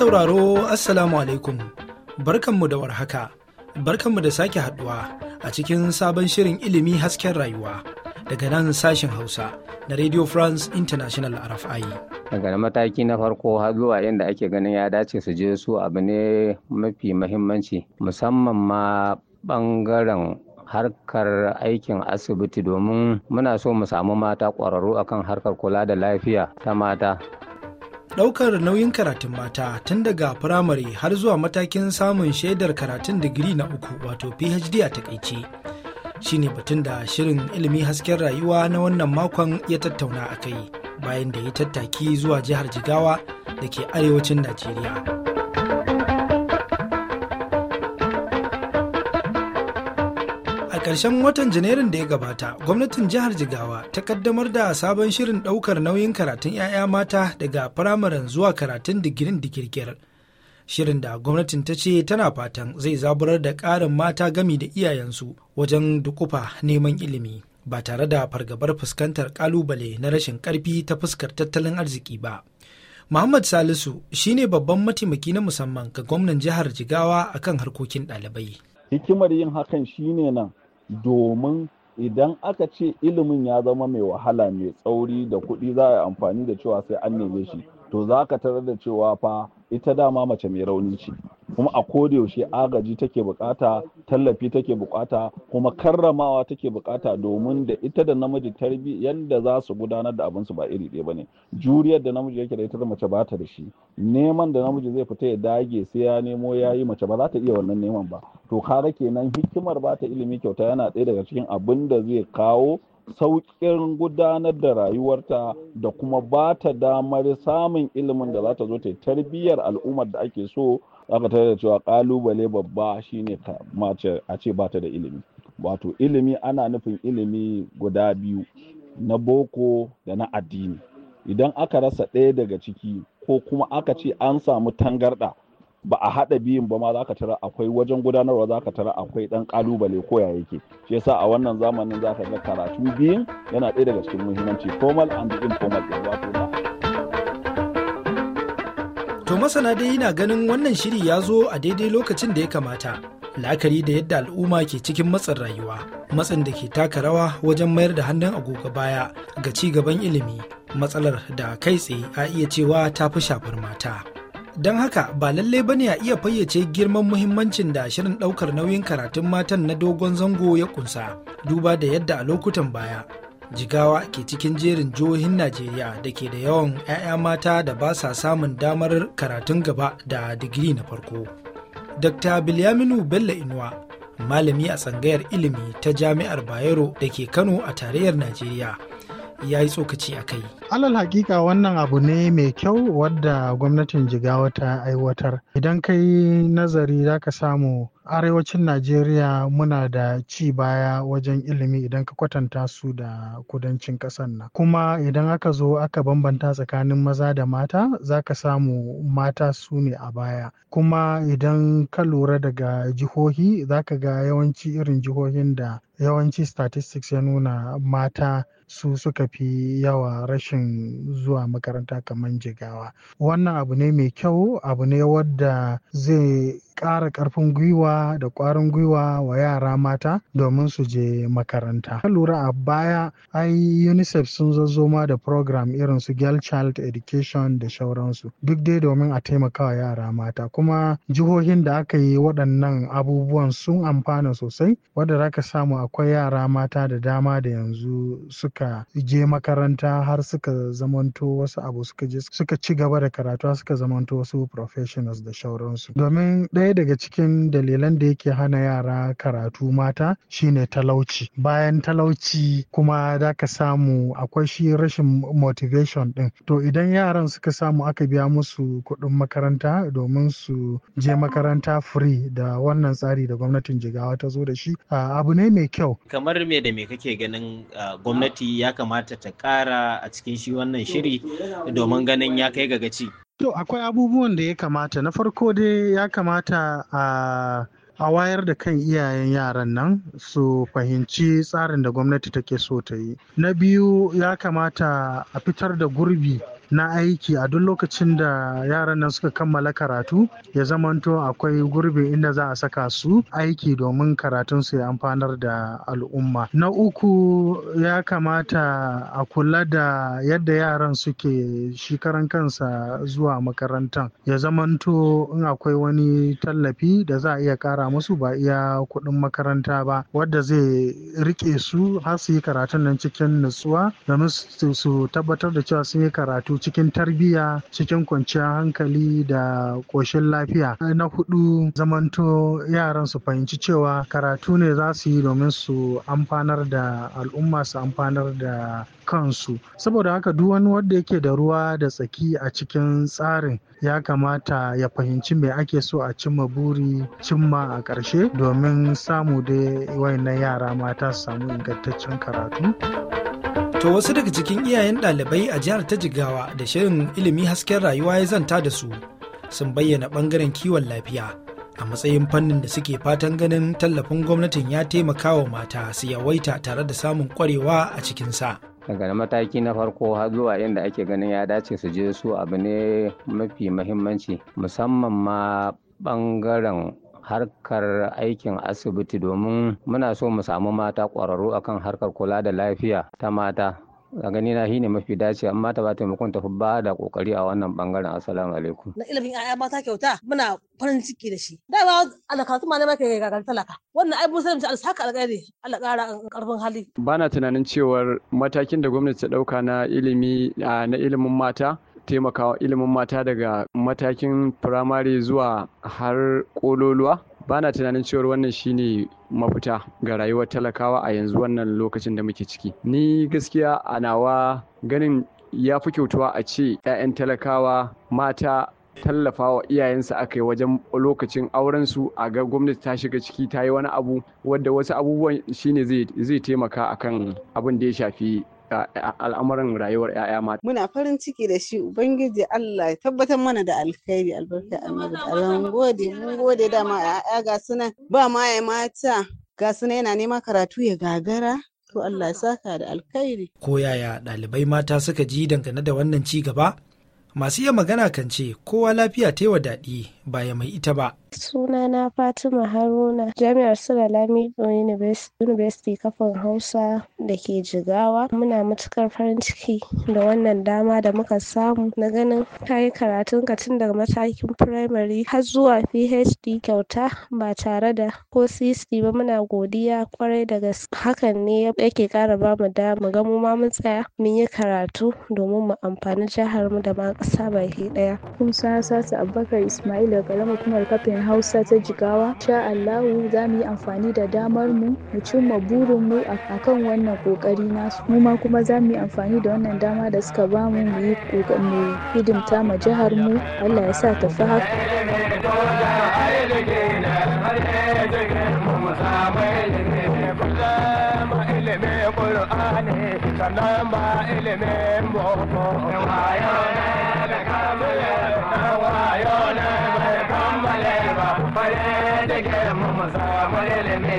sauraro Assalamu alaikum, barkanmu da warhaka, barkanmu da sake haduwa a cikin sabon shirin ilimi hasken rayuwa daga nan sashen Hausa na Radio France International RFI. Daga mataki na farko har zuwa inda ake ganin ya dace su je su abu ne mafi mahimmanci musamman ma bangaren harkar aikin asibiti domin muna so mu samu mata kwararru akan harkar kula da lafiya ta mata ɗaukar nauyin karatun mata tun daga firamare har zuwa matakin samun shaidar karatun digiri na uku wato phd a takaice shine batun da shirin ilimi hasken rayuwa na wannan makon ya tattauna a kai bayan da ya tattaki zuwa jihar jigawa da ke arewacin najeriya Karshen ƙarshen watan Janairun da ya gabata, gwamnatin jihar Jigawa ta kaddamar da sabon shirin ɗaukar nauyin karatun 'ya'ya mata daga firamaren zuwa karatun digirin digirgir. Shirin da gwamnatin ta ce tana fatan zai zaburar da ƙarin mata gami da iyayensu wajen dukufa neman ilimi. Ba tare da fargabar fuskantar ƙalubale na rashin karfi ta fuskar tattalin arziki ba. Muhammad Salisu shine babban mataimaki na musamman ga gwamnan jihar Jigawa akan harkokin ɗalibai. Hikimar yin hakan shine nan domin idan aka ce ilimin ya zama mai wahala mai tsauri da kuɗi za a yi amfani da cewa sai an neme shi to za ka tarar da cewa fa ita dama mace mai rauni ce kuma a yaushe agaji take bukata tallafi take bukata kuma karramawa take bukata domin da ita da namiji tarbi yadda za su gudanar da abinsu ba iri ɗaya ba ne. juriyar da namiji yake da ita da mace ba ta da shi neman da namiji zai fita ya dage sai ya nemo ya yi mace ba za ta iya wannan neman ba to kare kenan hikimar ba ta ilimi kyauta yana ɗaya daga cikin abin da zai kawo sauƙin gudanar da rayuwarta da kuma ba ta damar samun ilimin da za ta zo ta yi tarbiyyar al'ummar da ake so aka tare da cewa ƙalubale babba shine mace a ce ba ta da ilimi wato ilimi ana nufin ilimi guda biyu na boko da na addini idan aka rasa ɗaya daga ciki ko kuma aka ce an samu tangarɗa ba a haɗa biyun ba ma za ka tara akwai wajen gudanarwa za ka tara akwai ɗan ƙalubale ko ya yake shi yasa a wannan zamanin za ka ga karatu biyun yana ɗaya daga cikin muhimmanci formal and informal ɗin wato na to masana dai yana ganin wannan shiri ya zo a daidai lokacin da ya kamata la'akari da yadda al'umma ke cikin matsin rayuwa matsin da ke taka rawa wajen mayar da hannun agogo baya ga ci gaban ilimi matsalar da kai tsaye a iya cewa ta fi shafar mata. don haka ba lallai ne a iya fayyace girman muhimmancin da shirin ɗaukar nauyin karatun matan na dogon zango ya kunsa duba da yadda a lokutan baya jigawa ke cikin jerin jihohin najeriya da ke da yawan 'ya'ya mata da ba sa samun damar karatun gaba da digiri na farko dr bilyaminu bello inuwa malami a tsangayar ilimi ta jami'ar bayero da ke kano a tarayyar najeriya ya yi tsokaci a kai. Alal hakika wannan abu ne mai kyau wadda gwamnatin jigawa ta aiwatar. Idan yi nazari za ka samu arewacin Najeriya muna da ci baya wajen ilimi idan ka kwatanta su da kudancin ƙasar nan. Kuma idan aka zo aka bambanta tsakanin maza da mata za ka samu mata su ne a baya. Kuma idan ka lura daga jihohi za ka ga yawanci irin jihohin da yawanci statistics ya nuna mata su suka fi yawa rashin zuwa makaranta kamar jigawa wannan abu ne mai kyau abu ne wadda zai ƙara ƙarfin gwiwa da ƙwarin gwiwa wa yara mata domin su je makaranta. lura a baya ai unicef sun zazzo ma da program irin su girl child education da shauransu duk dai domin a taimaka wa yara mata kuma jihohin da aka yi waɗannan abubuwan sun amfana sosai wadda za ka samu a akwai yara mata da dama da yanzu suka je makaranta har suka zamanto wasu abu suka je suka ci gaba da karatu suka zamanto wasu professionals da shauransu domin ɗaya daga cikin dalilan da yake hana yara karatu mata shine talauci bayan talauci kuma za ka samu akwai shi rashin motivation ɗin to idan yaran suka samu aka biya musu kuɗin makaranta domin su je makaranta free da wannan tsari da gwamnatin jigawa ta zo da shi abu ne mai kyau. Kamar me da me kake ganin ah, gwamnati ya kamata ta ƙara a cikin shi wannan shiri domin ganin ya kai ga ci. To akwai abubuwan da ya kamata na farko dai ya kamata a a wayar da kan iyayen yaran nan su fahimci tsarin da gwamnati take so ta yi. Na biyu ya kamata a fitar da gurbi na aiki a duk lokacin da yaran nan suka kammala karatu ya zamanto akwai gurbi inda za a saka su aiki domin karatun su ya amfanar da al'umma na uku ya kamata a kula da yadda yaran suke shi kansa zuwa makarantan ya zamanto in akwai wani tallafi da za a iya kara musu ba iya kuɗin makaranta ba wadda zai rike su har su yi karatun nan cikin nutsuwa domin su tabbatar da cewa sun yi karatu cikin tarbiyya cikin kwanciyar hankali da ƙoshin lafiya na hudu zamanto yaran su fahimci cewa karatu ne za su yi domin su amfanar da al'umma su amfanar da kansu saboda haka duk wani wanda yake da ruwa da tsaki a cikin tsarin ya kamata ya fahimci me ake so a cimma buri cimma a ƙarshe domin samu da wayannan yara mata su samu ingantaccen karatu. To wasu daga cikin iyayen ɗalibai a jihar ta Jigawa da shirin ilimi hasken rayuwa ya zanta da su sun bayyana ɓangaren kiwon lafiya a matsayin fannin da suke fatan ganin tallafin gwamnatin ya taimaka wa mata su yawaita tare da samun ƙwarewa a cikinsa. daga mataki na farko har zuwa inda ake ganin ya dace su je su abu ne mafi muhimmanci, musamman ma ɓangaren... harkar aikin asibiti domin muna so mu samu mata ƙwararru akan harkar kula da lafiya ta mata a gani na shine mafi dace amma ta ba taimakon tafi ba da kokari a wannan bangaren assalamu alaikum na ilimin ƴaƴa mata kyauta muna farin ciki da shi da ba alakatu ma ne maka kai gagan talaka wannan ai mun sani alsaka alƙairi Allah ƙara karfin hali bana tunanin cewar matakin da gwamnati ta ɗauka na ilimi na ilimin mata taimakawa ilimin mata daga matakin firamare zuwa har kololuwa ba na tunanin cewar wannan shine mafita ga rayuwar talakawa a yanzu wannan lokacin da muke ciki ni gaskiya a nawa ganin ya fi kyautuwa a ce 'ya'yan talakawa mata tallafawa iyayensu aka yi wajen lokacin aurensu a ga gwamnati ta shiga ciki ta yi wani abu wadda wasu abubuwan shine zai taimaka akan abin da ya shafi al'amuran rayuwar 'ya'ya mata. Muna farin ciki da shi Ubangiji Allah ya tabbatar mana da alkhairi albarka annabi Allah gode mun gode dama 'ya'ya ga suna ba ma ya mata ga suna yana nema karatu ya gagara to Allah ya saka da alkhairi. Ko yaya ɗalibai mata suka ji dangane da wannan ci gaba? Masu iya magana kan ce kowa lafiya ta yi wa daɗi ba ya mai ita ba. Sunana Fatima Haruna, Jami'ar Sulalami University kafin Hausa da ke Jigawa. Muna matukar farin ciki da wannan dama da muka samu na ganin kayi karatun ka tun daga matakin primary har zuwa PhD kyauta ba tare da ko CC ba muna godiya kwarai da Hakan ne yake kara ba mu dama ga mu ma mun tsaya mun yi karatu domin mu amfani jihar mu da ma ƙasa baki ɗaya. Musa Sasa Abubakar Ismail daga karamar hukumar kafin Hausa ta Jigawa. Sha Allahu za mu yi amfani da damar mu mu cimma burin mu akan wannan kokari nasu. Mu ma kuma za mu yi amfani da wannan dama da suka ba mu mu yi hidimta ma jihar mu. Allah ya sa ta fi haka. ilimi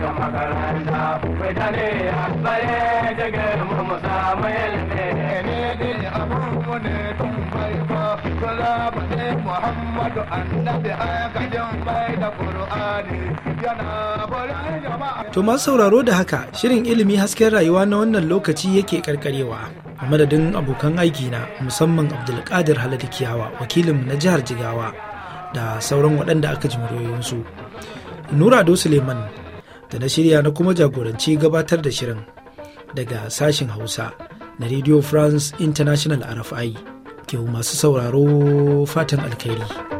ga makaranta fitane asbare daga mu samu ilimi ne ne abu ne tun bai fa kula annabi akadin bai da qur'ani yana bulan jama'a to masu sauraro da haka shirin ilimi hasken rayuwa na wannan lokaci yake karkarewa a madadin abokan aiki na musamman abdulkadir haladikiyawa wakilin na jihar jigawa da sauran waɗanda aka ji muryoyinsu nura Nurado Suleiman da na shirya na kuma jagoranci gabatar da shirin daga sashen Hausa na Radio France International RFI ke masu sauraro fatan alkhairi.